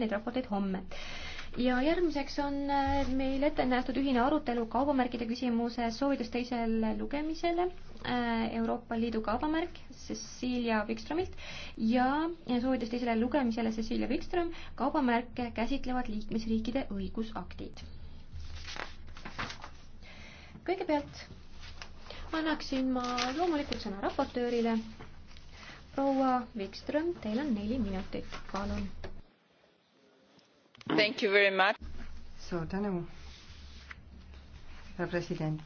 neid raporteid homme ja järgmiseks on äh, meil ette nähtud ühine arutelu kaubamärkide küsimuses soovitus teisele lugemisele äh, Euroopa Liidu kaubamärk Cecilia Wikströmilt ja soovitus teisele lugemisele Cecilia Wikström kaubamärke käsitlevad liikmesriikide õigusaktid. kõigepealt annaksin ma loomulikult sõna raportöörile. proua Wikström, teil on neli minutit, palun suur tänu, härra president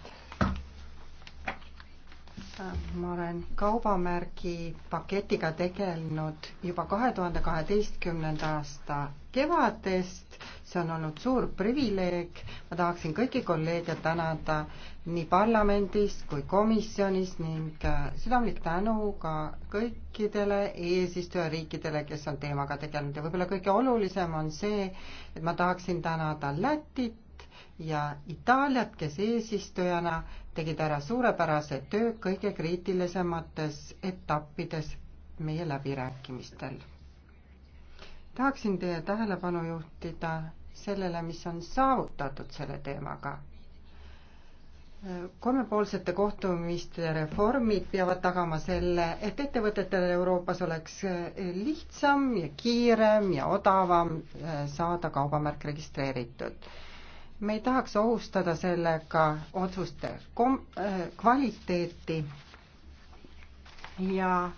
ma olen kaubamärgi paketiga tegelenud juba kahe tuhande kaheteistkümnenda aasta kevadest. see on olnud suur privileeg. ma tahaksin kõiki kolleege tänada nii parlamendis kui komisjonis ning äh, südamlik tänu ka kõikidele eesistujariikidele, kes on teemaga tegelenud ja võib-olla kõige olulisem on see, et ma tahaksin tänada Lätit, ja Itaaliat, kes eesistujana tegid ära suurepärase töö kõige kriitilisemates etappides meie läbirääkimistel. tahaksin teie tähelepanu juhtida sellele, mis on saavutatud selle teemaga. kolmepoolsete kohtumiste reformid peavad tagama selle, et ettevõtetel Euroopas oleks lihtsam ja kiirem ja odavam eh, saada kaubamärk registreeritud me ei tahaks ohustada sellega otsuste kom-, äh, kvaliteeti ja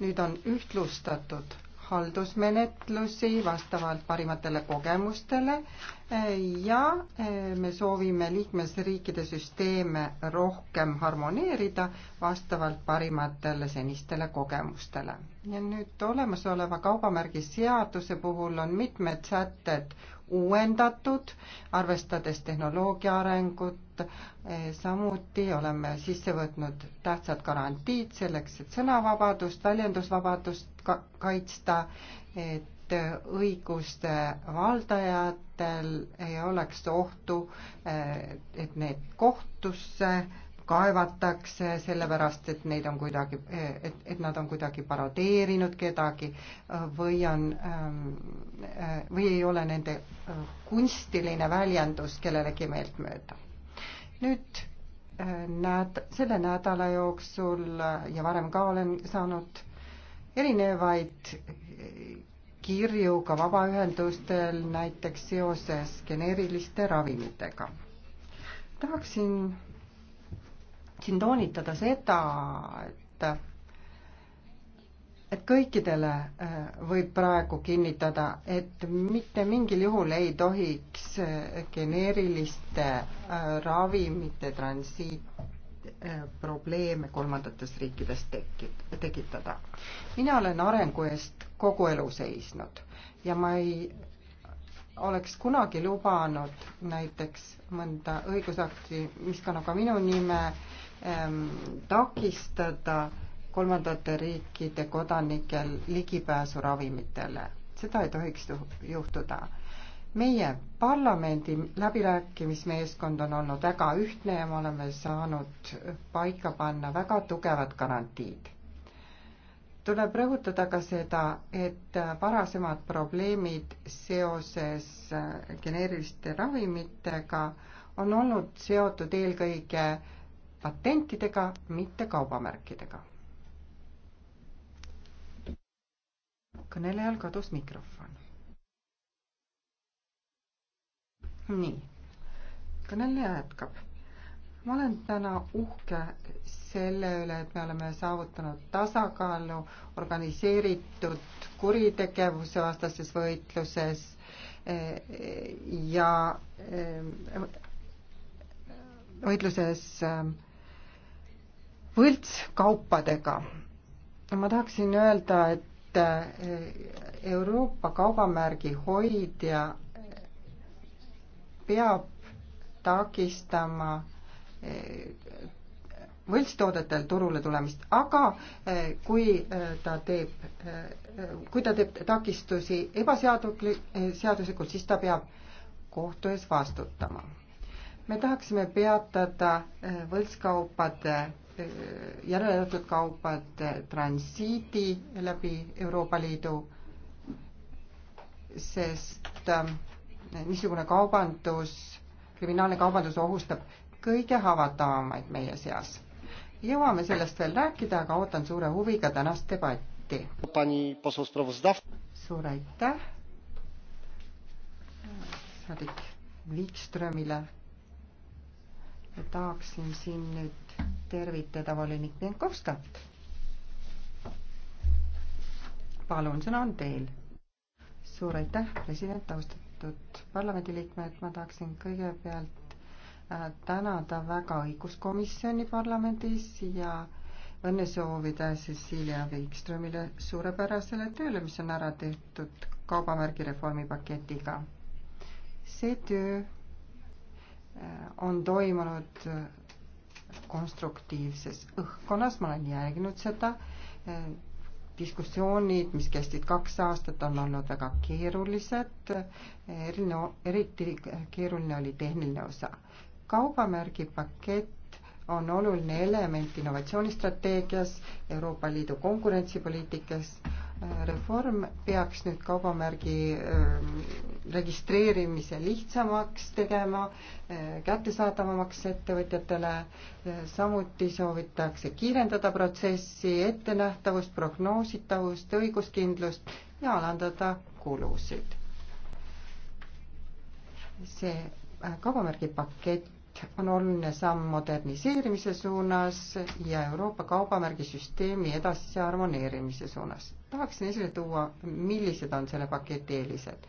nüüd on ühtlustatud haldusmenetlusi vastavalt parimatele kogemustele äh, ja äh, me soovime liikmesriikide süsteeme rohkem harmoneerida vastavalt parimatele senistele kogemustele. ja nüüd olemasoleva kaubamärgi seaduse puhul on mitmed sätted uuendatud, arvestades tehnoloogia arengut, samuti oleme sisse võtnud tähtsad garantiid selleks, et sõnavabadust, väljendusvabadust ka kaitsta, et et õiguste valdajatel ei oleks ohtu, et need kohtusse kaevatakse sellepärast, et neid on kuidagi, et, et nad on kuidagi parodeerinud kedagi või on, või ei ole nende kunstiline väljendus kellelegi meeltmööda. nüüd näed, selle nädala jooksul ja varem ka olen saanud erinevaid kirju ka vabaühendustel näiteks seoses geneeriliste ravimitega. tahaksin siin toonitada seda, et et kõikidele äh, võib praegu kinnitada, et mitte mingil juhul ei tohiks äh, geneeriliste äh, ravimite transiit probleeme kolmandatest riikidest tekit-, tekitada. mina olen arengu eest kogu elu seisnud ja ma ei oleks kunagi lubanud näiteks mõnda õigusakti, mis kannab ka minu nime, Ähm, takistada kolmandate riikide kodanikel ligipääsu ravimitele. seda ei tohiks juhtuda. meie parlamendi läbirääkimismeeskond on olnud väga ühtne ja me oleme saanud paika panna väga tugevad garantiid. tuleb rõhutada ka seda, et varasemad probleemid seoses geneeriliste ravimitega on olnud seotud eelkõige patentidega, mitte kaubamärkidega. kõnelejal kadus mikrofon. nii, kõneleja jätkab. ma olen täna uhke selle üle, et me oleme saavutanud tasakaalu organiseeritud kuritegevuse vastases võitluses eh, ja eh, võitluses eh, võltskaupadega. ma tahaksin öelda, et eh, Euroopa kaubamärgi hoidja peab takistama eh, võltstoodetel turule tulemist, aga eh, kui ta teeb, kui ta teeb takistusi ebaseaduslikult, siis ta peab kohtu ees vastutama. me tahaksime peatada võltskaupade Äh, järeldatud kaubad äh, transiidi läbi Euroopa Liidu, sest äh, niisugune kaubandus, kriminaalne kaubandus ohustab kõige haavatavamaid meie seas. jõuame sellest veel rääkida, aga ootan suure huviga tänast debatti. suur aitäh saadik Wikströmile ja tahaksin siin nüüd tervitada volinik Pienkovskat. palun, sõna on teil. suur aitäh, president, austatud parlamendiliikmed, ma tahaksin kõigepealt äh, tänada väga õiguskomisjoni parlamendis ja õnne soovida Cecilia Wikströmile suurepärasele tööle, mis on ära tehtud kaubamärgireformi paketiga. see töö äh, on toimunud konstruktiivses õhkkonnas, ma olen jälginud seda. Eh, diskussioonid, mis kestsid kaks aastat, on olnud väga keerulised. eriline, eriti keeruline oli tehniline osa. kaubamärgipakett on oluline element innovatsioonistrateegias, Euroopa Liidu konkurentsipoliitikas, reform peaks nüüd kaubamärgi ähm, registreerimise lihtsamaks tegema, äh, kättesaadavamaks ettevõtjatele. Äh, samuti soovitakse kiirendada protsessi, ettenähtavust, prognoositavust, õiguskindlust ja alandada kulusid. see äh, kaubamärgi pakett on oluline samm moderniseerimise suunas ja Euroopa kaubamärgisüsteemi edasise harmoneerimise suunas. tahaksin esile tuua, millised on selle paketi eelised.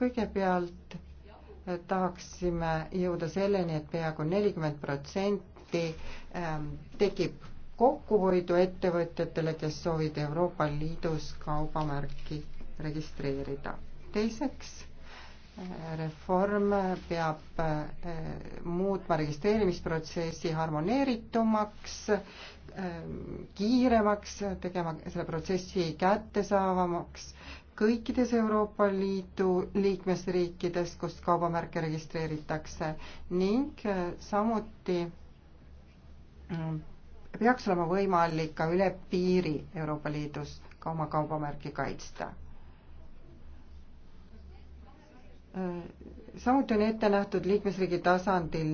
kõigepealt eh, tahaksime jõuda selleni, et peaaegu nelikümmend protsenti ehm, tekib kokkuhoidu ettevõtjatele, kes soovivad Euroopa Liidus kaubamärki registreerida. teiseks reform peab eh, muutma registreerimisprotsessi harmoneeritumaks, eh, kiiremaks, tegema selle protsessi kättesaavamaks kõikides Euroopa Liidu liikmesriikides, kust kaubamärke registreeritakse ning eh, samuti mm, peaks olema võimalik ka üle piiri Euroopa Liidus ka oma kaubamärki kaitsta samuti on ette nähtud liikmesriigi tasandil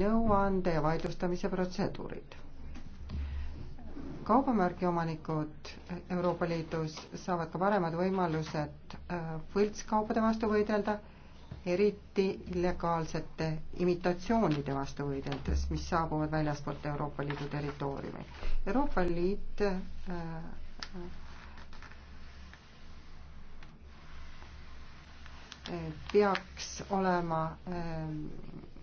nõuande ja vaidlustamise protseduurid. kaubamärgi omanikud Euroopa Liidus saavad ka paremad võimalused äh, võltskaupade vastu võidelda, eriti illegaalsete imitatsioonide vastu võideldes, mis saabuvad väljaspoolt Euroopa Liidu territooriumi. Euroopa Liit äh, peaks olema ähm,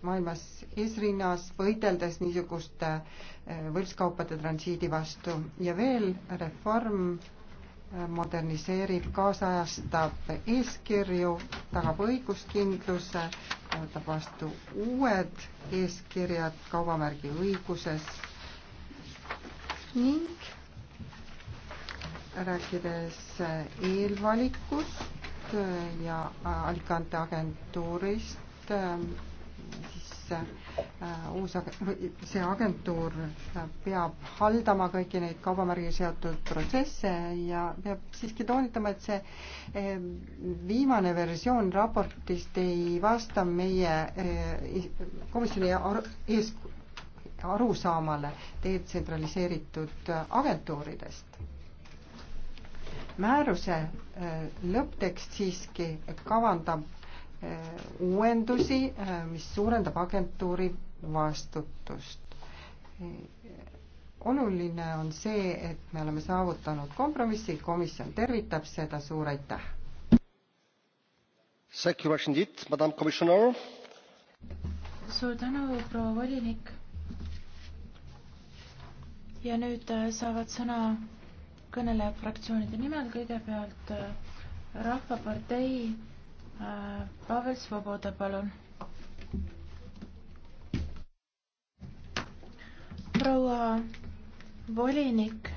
maailmas eesrinnas, võideldes niisuguste äh, võltskaupade transiidi vastu ja veel reform äh, moderniseerib, kaasajastab eeskirju, tagab õiguskindluse, võtab vastu uued eeskirjad kaubamärgi õiguses ning rääkides äh, eelvalikust, Äh, ja äh, Alicante agentuurist ähm, siis äh, uus, see agentuur peab haldama kõiki neid kaubamärgiga seotud protsesse ja peab siiski toonitama, et see ähm, viimane versioon raportist ei vasta meie komisjoni ees arusaamale detsentraliseeritud agentuuridest määruse äh, lõpptekst siiski kavandab äh, uuendusi, äh, mis suurendab agentuuri vastutust. oluline on see, et me oleme saavutanud kompromissi, komisjon tervitab seda, suur aitäh! suur tänu, proua volinik! ja nüüd saavad sõna kõneleb fraktsioonide nimel, kõigepealt äh, Rahvapartei äh, Pavel Svoboda, palun. proua volinik,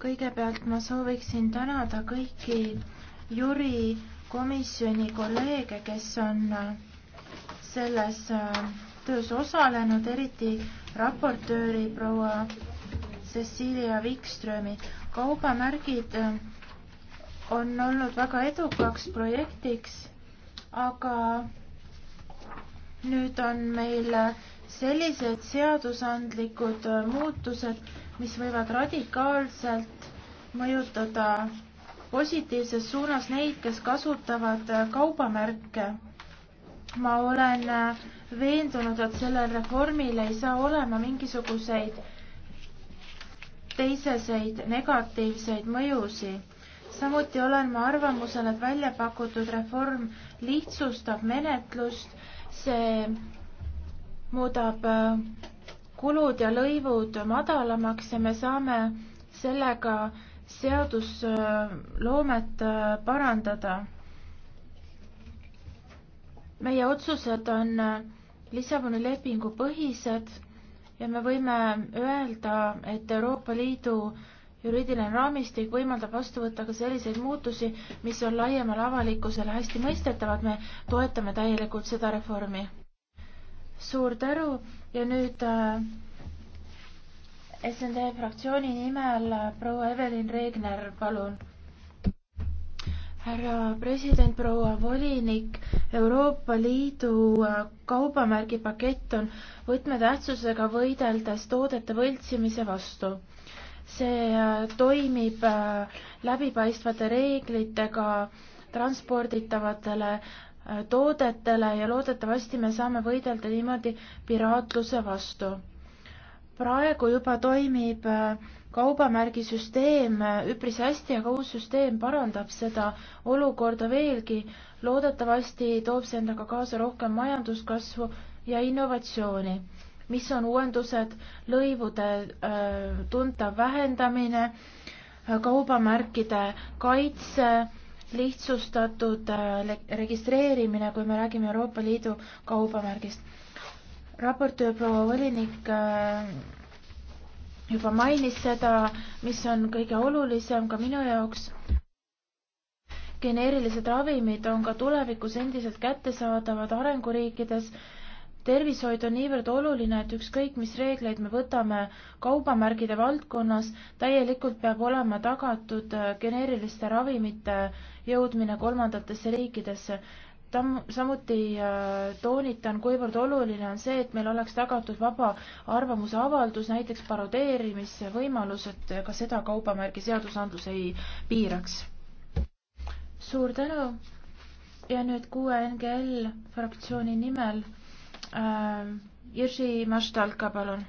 kõigepealt ma sooviksin tänada kõiki Jüri komisjoni kolleege, kes on äh, selles töös osalenud, eriti raportööri proua Cecilia Wikströmi. kaubamärgid äh, on olnud väga edukaks projektiks, aga nüüd on meil sellised seadusandlikud äh, muutused, mis võivad radikaalselt mõjutada positiivses suunas neid, kes kasutavad äh, kaubamärke. ma olen veendunud, et sellel reformil ei saa olema mingisuguseid teiseseid negatiivseid mõjusi. samuti olen ma arvamusel, et välja pakutud reform lihtsustab menetlust, see muudab äh, kulud ja lõivud madalamaks ja me saame sellega seadusloomet äh, äh, parandada. meie otsused on Lissaboni lepingu põhised ja me võime öelda, et Euroopa Liidu juriidiline raamistik võimaldab vastu võtta ka selliseid muutusi, mis on laiemale avalikkusele hästi mõistetavad, me toetame täielikult seda reformi. suur tänu ja nüüd äh, SND fraktsiooni nimel äh, proua Evelin Regner, palun härra president, proua volinik, Euroopa Liidu äh, kaubamärgipakett on võtmetähtsusega võideldes toodete võltsimise vastu. see äh, toimib äh, läbipaistvate reeglitega transporditavatele toodetele ja loodetavasti me saame võidelda niimoodi piraatluse vastu. praegu juba toimib äh, kaubamärgisüsteem üpris hästi, aga uus süsteem parandab seda olukorda veelgi. loodetavasti toob see endaga kaasa rohkem majanduskasvu ja innovatsiooni. mis on uuendused, lõivude äh, tuntav vähendamine, äh, kaubamärkide kaitse, lihtsustatud äh, registreerimine, kui me räägime Euroopa Liidu kaubamärgist. raportöör proua volinik juba mainis seda, mis on kõige olulisem ka minu jaoks. geneerilised ravimid on ka tulevikus endiselt kättesaadavad arenguriikides. tervishoid on niivõrd oluline, et ükskõik, mis reegleid me võtame kaubamärgide valdkonnas, täielikult peab olema tagatud äh, geneeriliste ravimite jõudmine kolmandatesse riikidesse. Tam-, samuti äh, toonitan, kuivõrd oluline on see, et meil oleks tagatud vaba arvamuse avaldus, näiteks parodeerimise võimalus, et ka seda kaubamärgi seadusandlus ei piiraks. suur tänu ja nüüd kuue NGL fraktsiooni nimel äh, Jüri Maštalka, palun.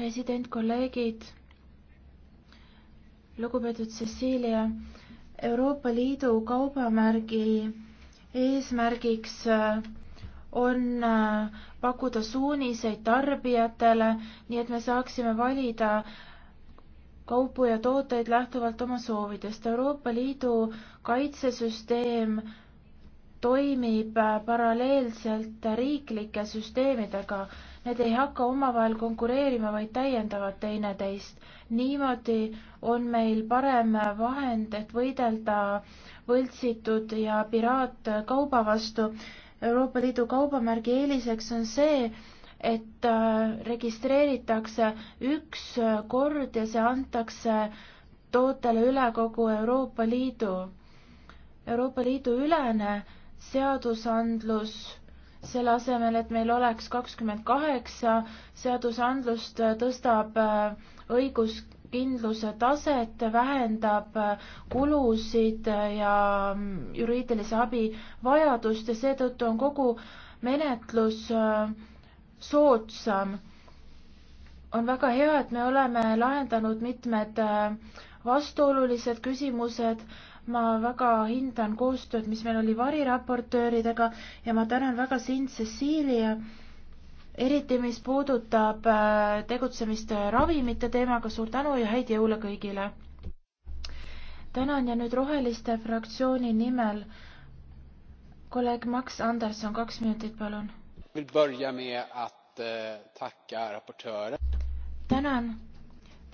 president, kolleegid, lugupeetud Cecilia Euroopa Liidu kaubamärgi eesmärgiks äh, on äh, pakkuda suuniseid tarbijatele, nii et me saaksime valida kaupu ja tooteid lähtuvalt oma soovidest. Euroopa Liidu kaitsesüsteem toimib äh, paralleelselt riiklike süsteemidega Need ei hakka omavahel konkureerima, vaid täiendavad teineteist. niimoodi on meil parem vahend, et võidelda võltsitud ja piraatkaubava vastu. Euroopa Liidu kaubamärgi eeliseks on see, et äh, registreeritakse üks kord ja see antakse tootele üle kogu Euroopa Liidu. Euroopa Liidu ülene seadusandlus selle asemel, et meil oleks kakskümmend kaheksa seadusandlust, tõstab äh, õiguskindluse taset, vähendab äh, kulusid ja mm, juriidilise abi vajadust ja seetõttu on kogu menetlus äh, soodsam. on väga hea, et me oleme lahendanud mitmed vastuolulised küsimused ma väga hindan koostööd, mis meil oli variraportööridega ja ma tänan väga sind, Cecilia, eriti mis puudutab äh, tegutsemist ravimite teemaga, suur tänu ja häid jõule kõigile! tänan ja nüüd Roheliste fraktsiooni nimel kolleeg Max Anderson, kaks minutit, palun. Eh, tänan,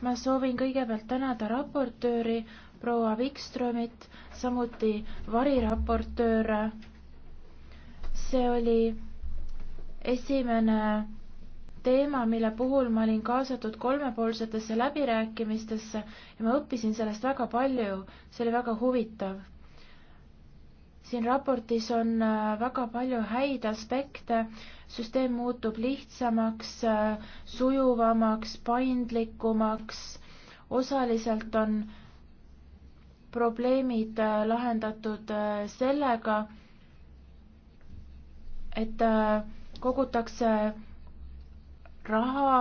ma soovin kõigepealt tänada raportööri proua Wikströmit, samuti variraportööre. see oli esimene teema, mille puhul ma olin kaasatud kolmepoolsetesse läbirääkimistesse ja ma õppisin sellest väga palju, see oli väga huvitav. siin raportis on äh, väga palju häid aspekte, süsteem muutub lihtsamaks, äh, sujuvamaks, paindlikumaks, osaliselt on probleemid äh, lahendatud äh, sellega, et äh, kogutakse raha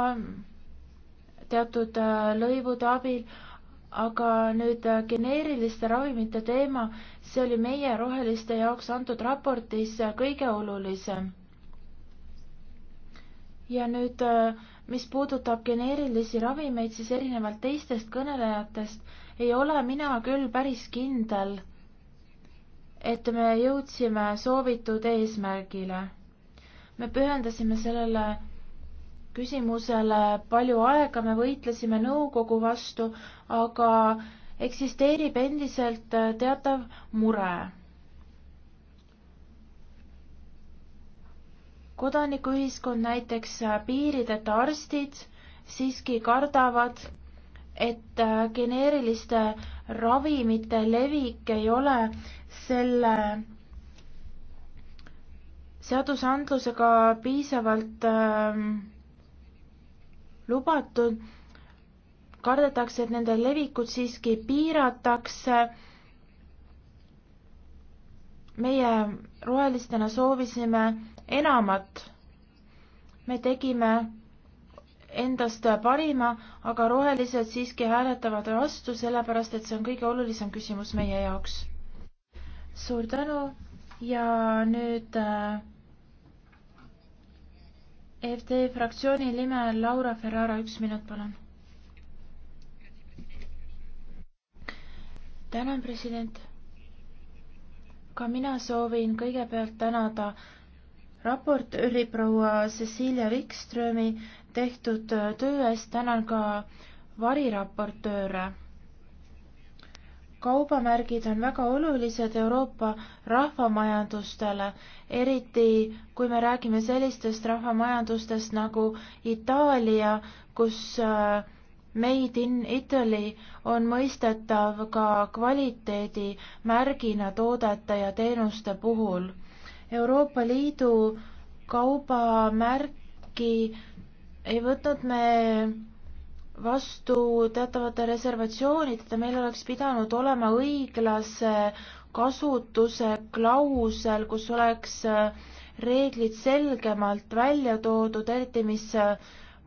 teatud lõivude abil, aga nüüd geneeriliste ravimite teema, see oli meie roheliste jaoks antud raportis kõige olulisem. ja nüüd, mis puudutab geneerilisi ravimeid, siis erinevalt teistest kõnelejatest ei ole mina küll päris kindel, et me jõudsime soovitud eesmärgile. me pühendasime sellele küsimusele palju aega, me võitlesime nõukogu vastu, aga eksisteerib endiselt teatav mure. kodanikuühiskond, näiteks piirideta arstid siiski kardavad, et äh, geneeriliste ravimite levik ei ole selle seadusandlusega piisavalt äh, lubatud. kardetakse, et nende levikut siiski piiratakse. meie rohelistena soovisime enamat. me tegime endast parima, aga rohelised siiski hääletavad vastu, sellepärast et see on kõige olulisem küsimus meie jaoks. suur tänu ja nüüd äh, EFD fraktsiooni nimel Laura Ferrara, üks minut, palun. tänan, president. ka mina soovin kõigepealt tänada raport oli proua Cecilia Wikströmi tehtud äh, töö eest, tänan ka variraportööre. kaubamärgid on väga olulised Euroopa rahvamajandustele, eriti kui me räägime sellistest rahvamajandustest nagu Itaalia, kus äh, Made in Italy on mõistetav ka kvaliteedimärgina toodete ja teenuste puhul Euroopa Liidu kaubamärki ei võtnud me vastu teatavate reservatsioonideta, meil oleks pidanud olema õiglase kasutuse klausel, kus oleks reeglid selgemalt välja toodud, eriti mis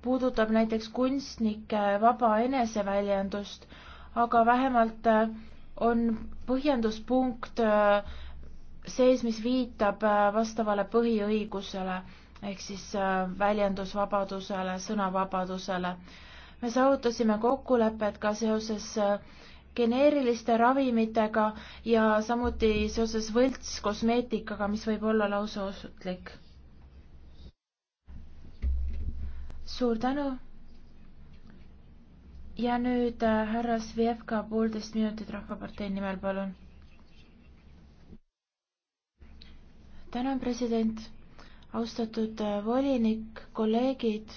puudutab näiteks kunstnike vaba eneseväljendust, aga vähemalt on põhjenduspunkt äh, sees, mis viitab äh, vastavale põhiõigusele ehk siis äh, väljendusvabadusele, sõnavabadusele. me saavutasime kokkulepped ka seoses äh, geneeriliste ravimitega ja samuti seoses võltskosmeetikaga, mis võib olla lausa osutlik. suur tänu. ja nüüd härra Svjevka, poolteist minutit Rahvapartei nimel, palun tänan, president, austatud äh, volinik, kolleegid.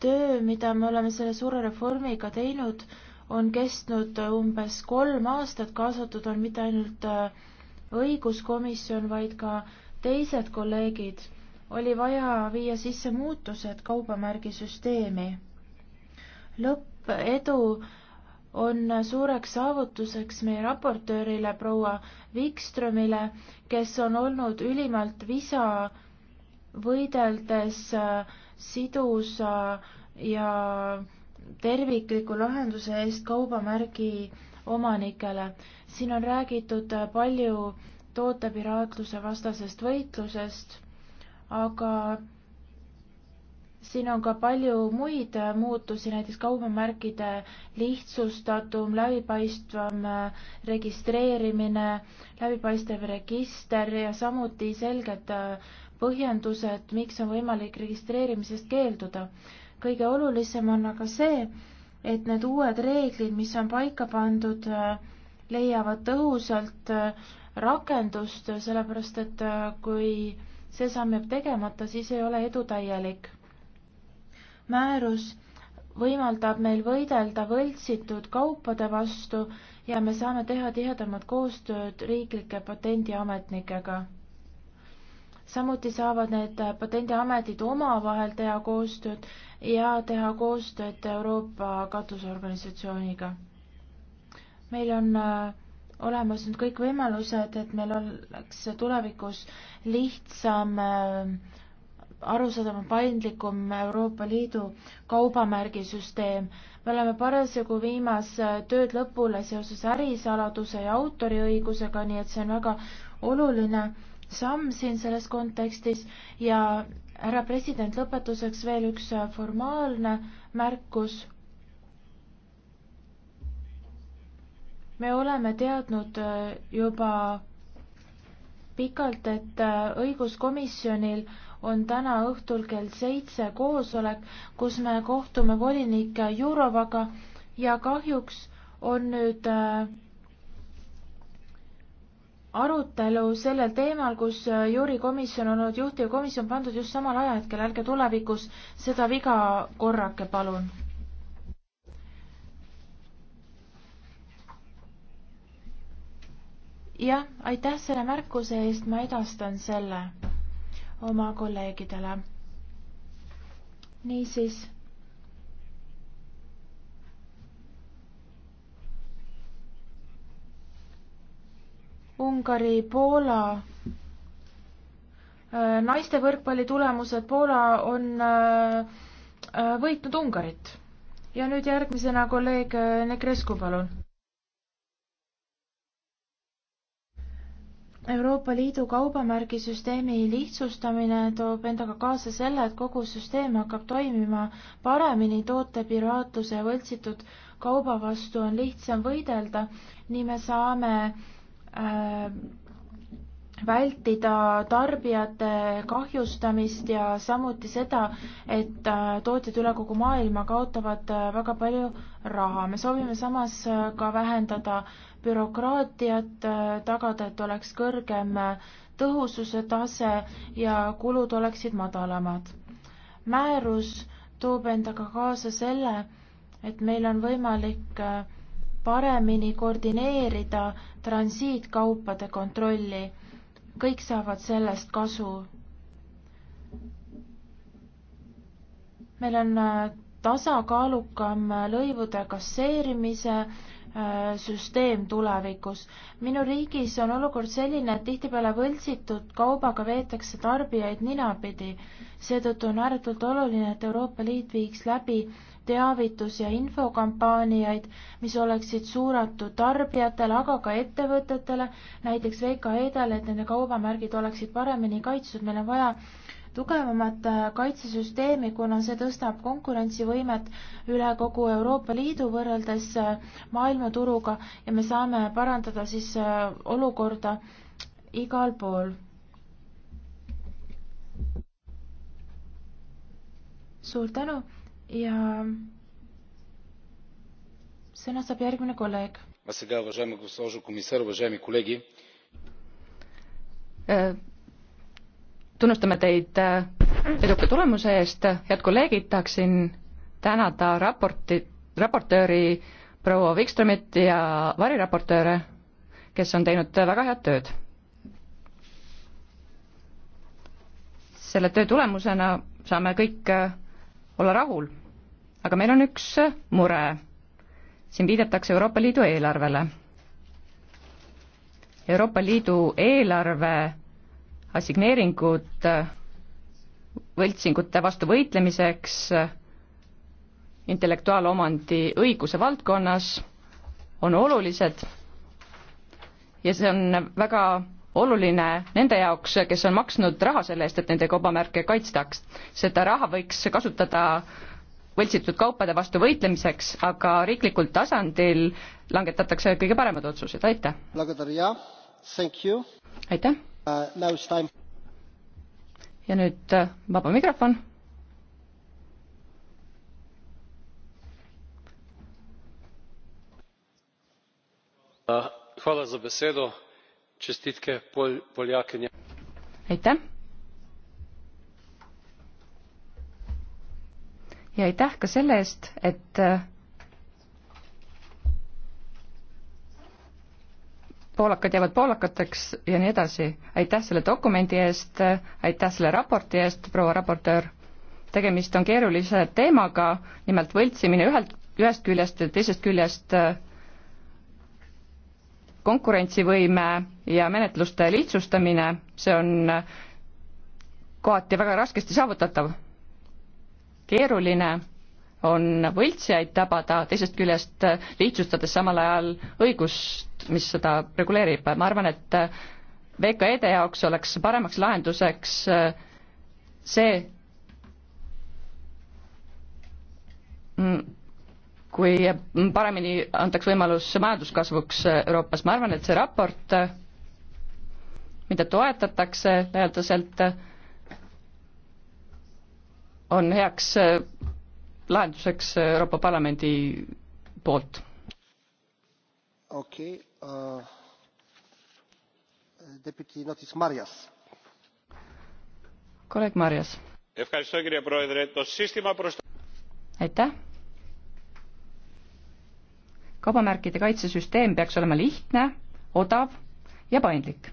töö, mida me oleme selle suure reformiga teinud, on kestnud äh, umbes kolm aastat, kaasatud on mitte ainult äh, õiguskomisjon, vaid ka teised kolleegid. oli vaja viia sisse muutused kaubamärgisüsteemi. lõppedu on suureks saavutuseks meie raportöörile proua Wikströmile, kes on olnud ülimalt visa võideldes äh, sidusa ja tervikliku lahenduse eest kaubamärgi omanikele. siin on räägitud äh, palju tootepiraatluse vastasest võitlusest, aga siin on ka palju muid muutusi, näiteks kaubamärkide lihtsustatum, läbipaistvam äh, registreerimine, läbipaistev register ja samuti selged äh, põhjendused, miks on võimalik registreerimisest keelduda. kõige olulisem on aga see, et need uued reeglid, mis on paika pandud, äh, leiavad tõhusalt rakendust, sellepärast et kui see samm jääb tegemata, siis ei ole edu täielik määrus võimaldab meil võidelda võltsitud kaupade vastu ja me saame teha tihedamat koostööd riiklike patendiametnikega. samuti saavad need patendiametid omavahel teha koostööd ja teha koostööd Euroopa katusorganisatsiooniga. meil on äh, olemas nüüd kõik võimalused, et meil oleks tulevikus lihtsam äh, arusaadavam paindlikum Euroopa Liidu kaubamärgisüsteem. me oleme parasjagu viimas tööd lõpule seoses ärisaladuse ja autoriõigusega, nii et see on väga oluline samm siin selles kontekstis ja härra president, lõpetuseks veel üks formaalne märkus. me oleme teadnud juba pikalt, et äh, õiguskomisjonil on täna õhtul kell seitse koosolek, kus me kohtume volinik Jurovaga ja kahjuks on nüüd äh, arutelu sellel teemal, kus äh, juurikomisjon on olnud juhtivkomisjon pandud just samal ajahetkel, ärge tulevikus seda viga korrake, palun jah, aitäh selle märkuse eest, ma edastan selle oma kolleegidele. niisiis. Ungari, Poola äh, naiste võrkpalli tulemused, Poola on äh, võitnud Ungarit. ja nüüd järgmisena kolleeg äh, Negrescu, palun. Euroopa Liidu kaubamärgisüsteemi lihtsustamine toob endaga kaasa selle, et kogu süsteem hakkab toimima paremini, tootepiraatluse ja võltsitud kauba vastu on lihtsam võidelda, nii me saame äh, vältida tarbijate kahjustamist ja samuti seda, et äh, tootjad üle kogu maailma kaotavad äh, väga palju raha. me soovime samas äh, ka vähendada bürokraatiat, tagada, et oleks kõrgem tõhususe tase ja kulud oleksid madalamad. määrus toob endaga kaasa selle, et meil on võimalik paremini koordineerida transiitkaupade kontrolli kõik saavad sellest kasu. meil on äh, tasakaalukam lõivude kasseerimise Äh, süsteem tulevikus. minu riigis on olukord selline, et tihtipeale võltsitud kaubaga veetakse tarbijaid ninapidi. seetõttu on ääretult oluline, et Euroopa Liit viiks läbi teavitus- ja infokampaaniaid, mis oleksid suunatud tarbijatele, aga ka ettevõtetele, näiteks VKE-dele, et nende kaubamärgid oleksid paremini kaitstud, meil on vaja tugevamat äh, kaitsesüsteemi, kuna see tõstab konkurentsivõimet üle kogu Euroopa Liidu võrreldes äh, maailmaturuga ja me saame parandada siis äh, olukorda igal pool. suur tänu ja sõna saab järgmine kolleeg. А сега, уважаема госпожо комисар, уважаеми колеги tunnustame teid äh, eduka tulemuse eest, head kolleegid, tahaksin tänada raporti, raportööri proua Wikströmit ja variraportööre, kes on teinud väga head tööd. selle töö tulemusena saame kõik äh, olla rahul, aga meil on üks äh, mure. siin viidatakse Euroopa Liidu eelarvele. Euroopa Liidu eelarve assigneeringud äh, võltsingute vastu võitlemiseks äh, intellektuaalomandi õiguse valdkonnas on olulised ja see on väga oluline nende jaoks, kes on maksnud raha selle eest, et nende kaubamärke kaitstaks. seda raha võiks kasutada võltsitud kaupade vastu võitlemiseks, aga riiklikul tasandil langetatakse kõige paremad otsused, aitäh! aitäh! Uh, ja nüüd äh, vaba mikrofon. Uh, aitäh. ja aitäh ka selle eest, et äh, poolakad jäävad poolakateks ja nii edasi. aitäh selle dokumendi eest, aitäh selle raporti eest, proua raportöör. tegemist on keerulise teemaga, nimelt võltsimine ühelt, ühest küljest ja teisest küljest äh, konkurentsivõime ja menetluste lihtsustamine, see on äh, kohati väga raskesti saavutatav. keeruline on võltsijaid tabada, teisest küljest lihtsustades samal ajal õigust, mis seda reguleerib, ma arvan, et VKE-de jaoks oleks paremaks lahenduseks see, kui paremini antaks võimalus majanduskasvuks Euroopas, ma arvan, et see raport, mida toetatakse laialdaselt, on heaks lahenduseks Euroopa Parlamendi poolt. okei okay, uh,. Äh, deputy Notis Marias. kolleeg Marias. aitäh. kaubamärkide kaitsesüsteem peaks olema lihtne, odav ja paindlik.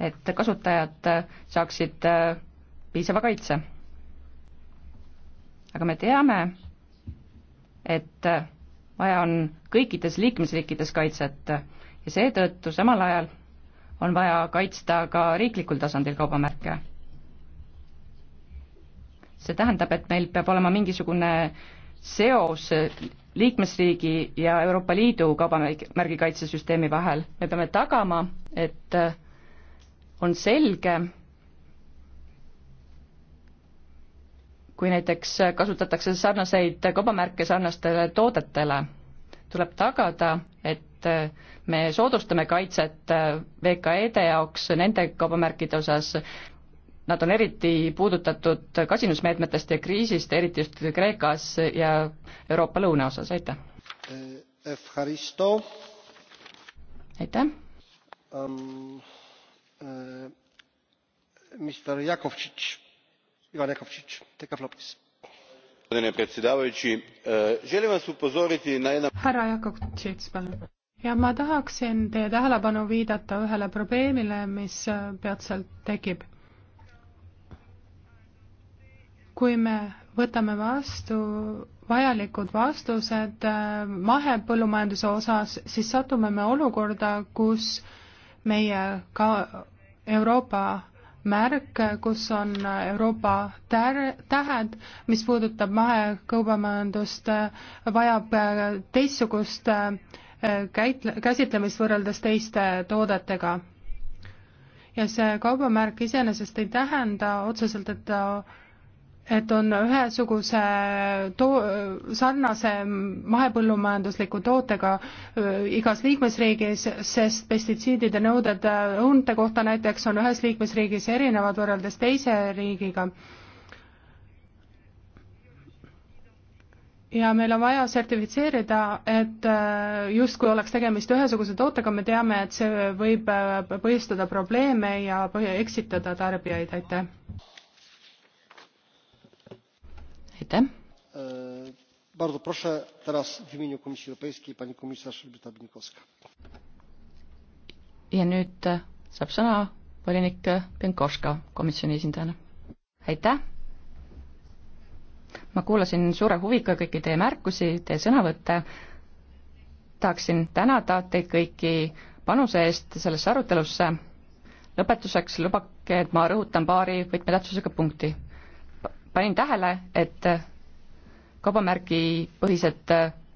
et kasutajad saaksid äh, piisava kaitse aga me teame, et vaja on kõikides liikmesriikides kaitset ja seetõttu samal ajal on vaja kaitsta ka riiklikul tasandil kaubamärke. see tähendab, et meil peab olema mingisugune seos liikmesriigi ja Euroopa Liidu kaubamärgi kaitsesüsteemi vahel, me peame tagama, et on selge, kui näiteks kasutatakse sarnaseid kaubamärke sarnastele toodetele, tuleb tagada, et me soodustame kaitset VKE-de jaoks nende kaubamärkide osas, nad on eriti puudutatud kasinusmeetmetest ja kriisist, eriti just Kreekas ja Euroopa lõunaosas, aitäh! aitäh um,! Uh, Mr Jakovtšitš gospodine predsjedavajući e, želim vas upozoriti na jedan. ma tahaksin teie tähelepanu viidata ühele probleemile mis e, peatselt tekib. kui me võtame vastu vajalikud vastused e, mahepõllumajanduse osas, siis satume me olukorda, kus meie ka Euroopa märk, kus on Euroopa tär-, tähed, mis puudutab mahekaubamajandust, vajab teistsugust äh, käit-, käsitlemist võrreldes teiste toodetega. ja see kaubamärk iseenesest ei tähenda otseselt, et ta et on ühesuguse to-, sarnase mahepõllumajandusliku tootega äh, igas liikmesriigis, sest pestitsiidide nõuded äh, õunte kohta näiteks on ühes liikmesriigis erinevad võrreldes teise riigiga. ja meil on vaja sertifitseerida, et äh, justkui oleks tegemist ühesuguse tootega, me teame, et see võib põhjustada probleeme ja eksitada tarbijaid, aitäh! E, aitäh. ja nüüd e, saab sõna volinik Penkovska komisjoni esindajana. aitäh! ma kuulasin suure huviga kõiki teie märkusi, teie sõnavõtte, tahaksin tänada teid kõiki panuse eest sellesse arutelusse, lõpetuseks lubage, et ma rõhutan paari võtmetähtsusega punkti panin tähele, et kaubamärgipõhised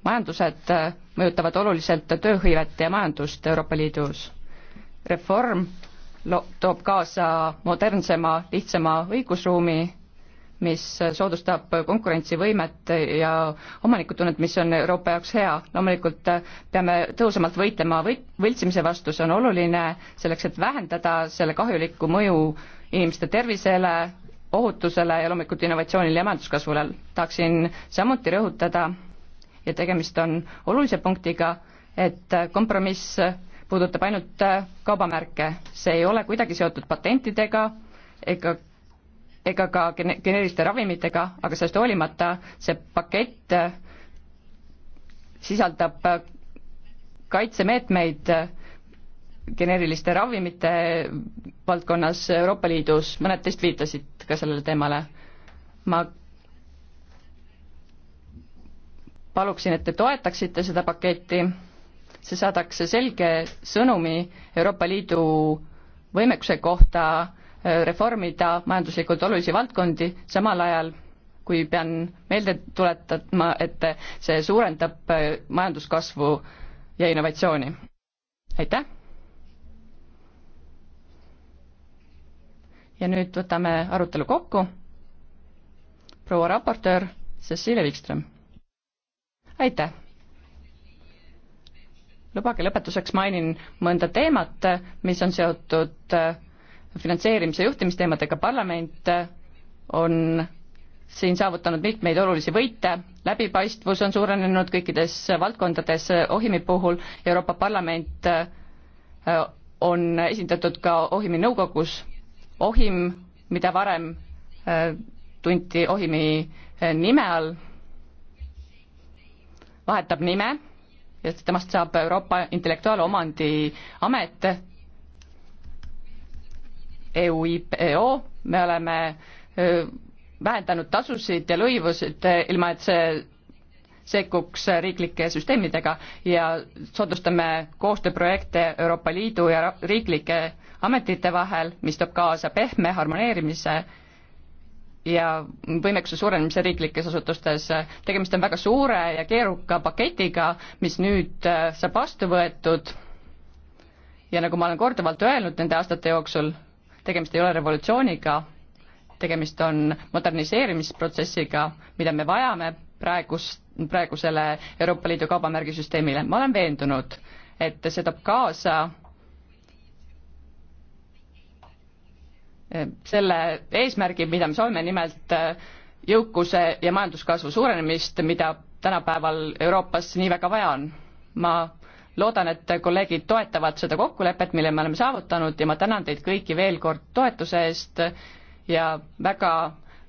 majandused mõjutavad oluliselt tööhõivet ja majandust Euroopa Liidus. reform toob kaasa modernsema, lihtsama õigusruumi, mis soodustab konkurentsivõimet ja omanikutunnet, mis on Euroopa jaoks hea. loomulikult peame tõhusamalt võitlema või-, võltsimise vastu, see on oluline selleks, et vähendada selle kahjulikku mõju inimeste tervisele, ohutusele ja loomulikult innovatsioonile ja majanduskasvule. tahaksin samuti rõhutada ja tegemist on olulise punktiga, et kompromiss puudutab ainult kaubamärke, see ei ole kuidagi seotud patentidega ega ega ka gene-, geneeriliste ravimitega, aga sellest hoolimata see pakett sisaldab kaitsemeetmeid geneeriliste ravimite valdkonnas Euroopa Liidus, mõned teist viitasid raport ka sellele teemale. ma paluksin, et te toetaksite seda paketti, see saadaks selge sõnumi Euroopa Liidu võimekuse kohta äh, reformida majanduslikult olulisi valdkondi, samal ajal kui pean meelde tuletama, et see suurendab äh, majanduskasvu ja innovatsiooni. aitäh! ja nüüd võtame arutelu kokku. proua raportöör Cecilia Wikström. aitäh! lubage lõpetuseks mainin mõnda teemat, mis on seotud äh, finantseerimise juhtimisteemadega, parlament äh, on siin saavutanud mitmeid olulisi võite, läbipaistvus on suurenenud kõikides valdkondades, Ohimi puhul Euroopa Parlament äh, on esindatud ka Ohimi nõukogus ohim, mida varem äh, tunti ohimi äh, nime all, vahetab nime ja temast saab Euroopa Intellektuaalomandi Amet, EUIPO, e me oleme äh, vähendanud tasusid ja lõivusid, ilma et see sekkuks riiklike süsteemidega ja soodustame koostööprojekte Euroopa Liidu ja riiklike ametite vahel, mis toob kaasa pehme harmoneerimise ja võimekuse suurenemise riiklikes asutustes. tegemist on väga suure ja keeruka paketiga, mis nüüd äh, saab vastu võetud ja nagu ma olen korduvalt öelnud nende aastate jooksul, tegemist ei ole revolutsiooniga, tegemist on moderniseerimisprotsessiga, mida me vajame praegust praegusele Euroopa Liidu kaubamärgisüsteemile. ma olen veendunud, et see toob kaasa eh, selle eesmärgi, mida me soovime, nimelt eh, jõukuse ja majanduskasvu suurenemist, mida tänapäeval Euroopas nii väga vaja on. ma loodan, et kolleegid toetavad seda kokkulepet, mille me oleme saavutanud ja ma tänan teid kõiki veel kord toetuse eest ja väga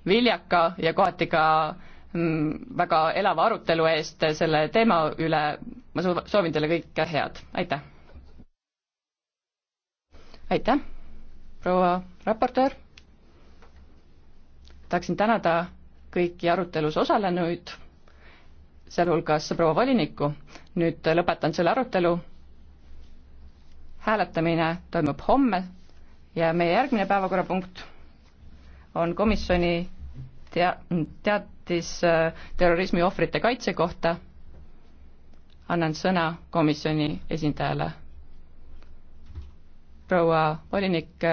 viljaka ja kohati ka Mm, väga elava arutelu eest selle teema üle, ma soovin teile kõike head, aitäh! aitäh, proua raportöör! tahaksin tänada kõiki arutelus osalenuid, sealhulgas proua volinikku, nüüd lõpetan selle arutelu, hääletamine toimub homme ja meie järgmine päevakorrapunkt on komisjoni tea-, teatis äh, terrorismi ohvrite kaitse kohta, annan sõna komisjoni esindajale. proua volinik